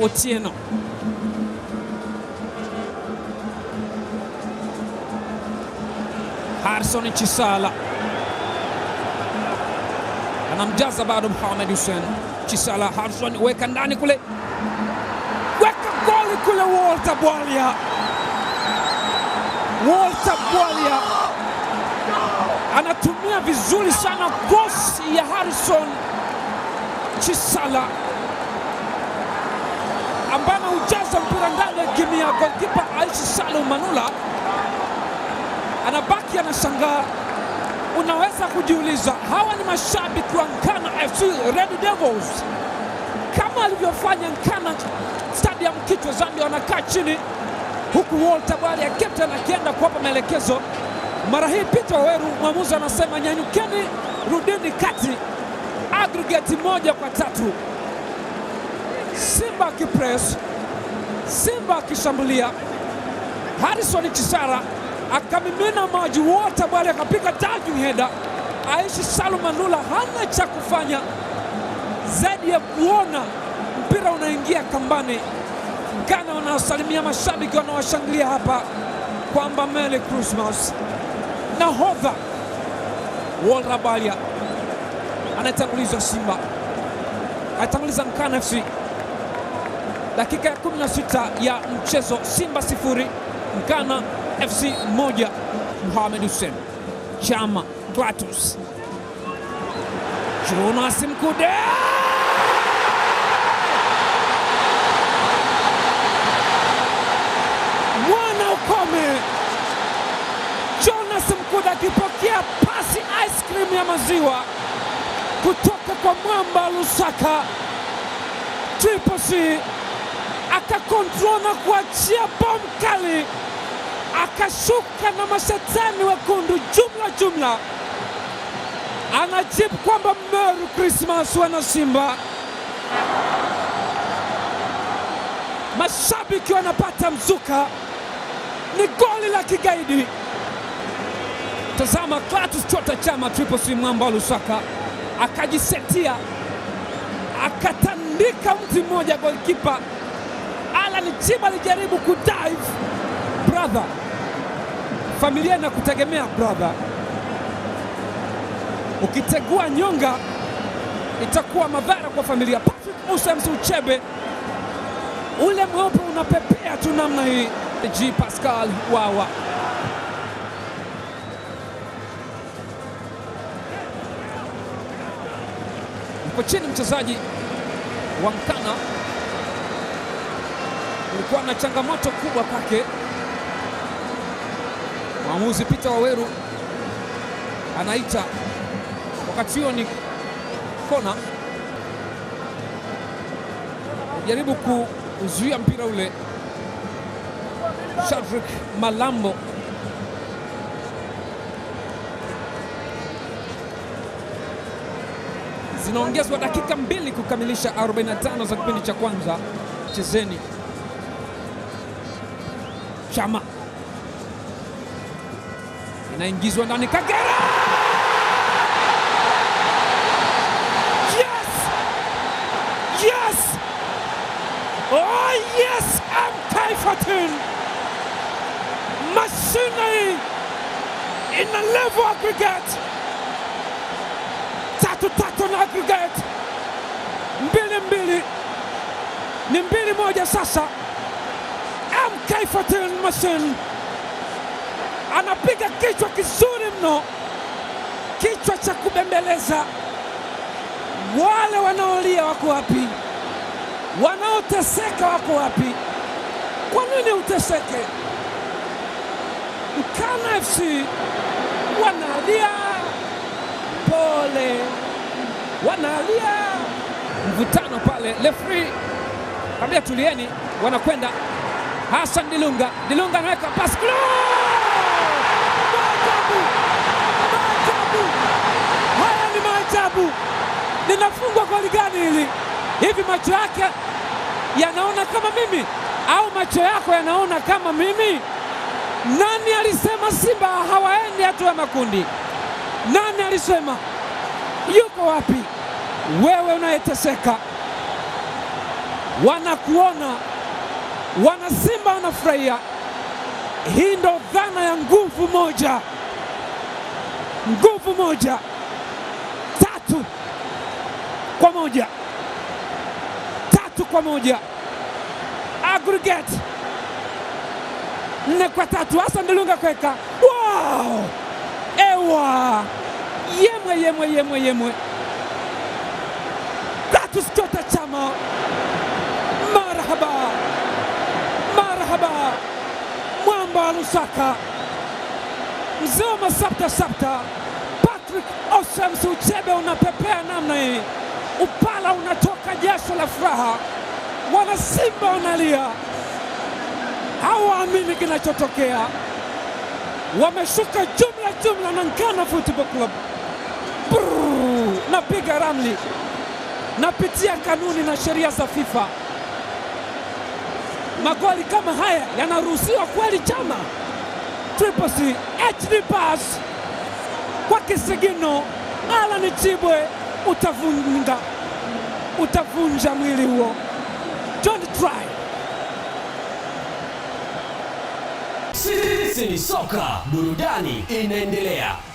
Otieno. Harrison Chisala anamjaza bado Mohamed Hussein Chisala. Harrison weka ndani kule, weka goli kule. Walter Bwalia, Walter Bwalia anatumia vizuri sana cross ya Harrison Chisala ambaye ameujaza mpira ndani ya kimia golkipa Aishi Salum Manula anabaki anashangaa. Unaweza kujiuliza hawa ni mashabiki wa Nkana FC Red Devils, kama alivyofanya Nkana Stadium kichwa zambi, wanakaa chini huku Walter Bwali ya captain akienda kuwapa maelekezo. Mara hii Peter Waweru mwamuzi anasema nyanyukeni, rudini kati, aggregate moja kwa tatu. Simba akipress, Simba akishambulia. Harrison Chisara akamimina maji wote bali akapika diving header. Aishi Saluma Ndula hana cha kufanya zaidi ya kuona mpira unaingia kambani. Ghana wanawasalimia mashabiki wanawashangilia hapa kwamba Merry Christmas. Nahodha Balia anatanguliza Simba, anatanguliza Nkana FC dakika ya 16 ya mchezo, Simba sifuri Mkana FC moja. Mohamed Hussein Chama Gratus Jonas Mkude mwana ukome. Jonas Mkude akipokea pasi ice cream ya maziwa kutoka kwa mwamba Lusaka Triple C akakontrol na kuachia bomu kali, akashuka na mashetani wekundu jumla jumla. Anajibu kwamba Merry Christmas wana Simba. Mashabiki wanapata mzuka, ni goli la kigaidi. Tazama Clatous Chota Chama, Triple C mwamba wa Lusaka akajisetia akatandika mti mmoja golkipa Alan Chima alijaribu kudive brother, familia inakutegemea brother. Ukitegua nyonga itakuwa madhara kwa familia. Patrick Aussems Uchebe ule mweupe unapepea tu namna hii. G Pascal Wawa yuko chini, mchezaji wa Mkana ulikuwa na changamoto kubwa kwake. Mwamuzi Peter Waweru anaita wakati huo ni kona, jaribu kuzuia mpira ule. Shadrick Malambo zinaongezwa dakika mbili kukamilisha 45 za kipindi cha kwanza. Chezeni Chama inaingizwa ndani, Kagera! Yes! Yes! Oh yes! MK Kaifatun mashine in ina level aggregate tatu tatu na aggregate mbili mbili, ni mbili moja sasa. Taifatel Machel anapiga kichwa kizuri mno, kichwa cha kubembeleza. Wale wanaolia wako wapi? Wanaoteseka wako wapi? Kwa nini uteseke? Mkana FC wanalia pole, wanalia mvutano pale. Lefri ambia tulieni, wanakwenda Hassan Dilunga, Dilunga anaweka pasi Maajabu! Haya ni maajabu! Linafungwa goli gani hili? Hivi macho yake yanaona kama mimi au macho yako yanaona kama mimi? Nani alisema Simba hawaendi hatua ya makundi? Nani alisema? Yuko wapi wewe unayeteseka? Wanakuona. Wanasimba wanafurahia. Hii ndo dhana ya nguvu moja, nguvu moja, tatu kwa moja, tatu kwa moja, aggregate nne kwa tatu. Hassan Dilunga kweka, wow! Ewa yemwe yemwe yemwe yemwe, tatu sikota chama kwa Lusaka, Nzoma Sapta Sapta, Patrick Osems, uchebe unapepea namna hii, upala unatoka jasho la furaha, wana Simba wanalia, hawaamini kinachotokea. Wameshuka jumla jumla na Nkana Football Club. Napiga ramli, napitia kanuni na sheria za FIFA magoli kama haya yanaruhusiwa kweli? Chama triple C HD pass kwa kisigino Alan Chibwe, utavunga utavunja mwili huo John Try. Sisi ni soka, burudani inaendelea.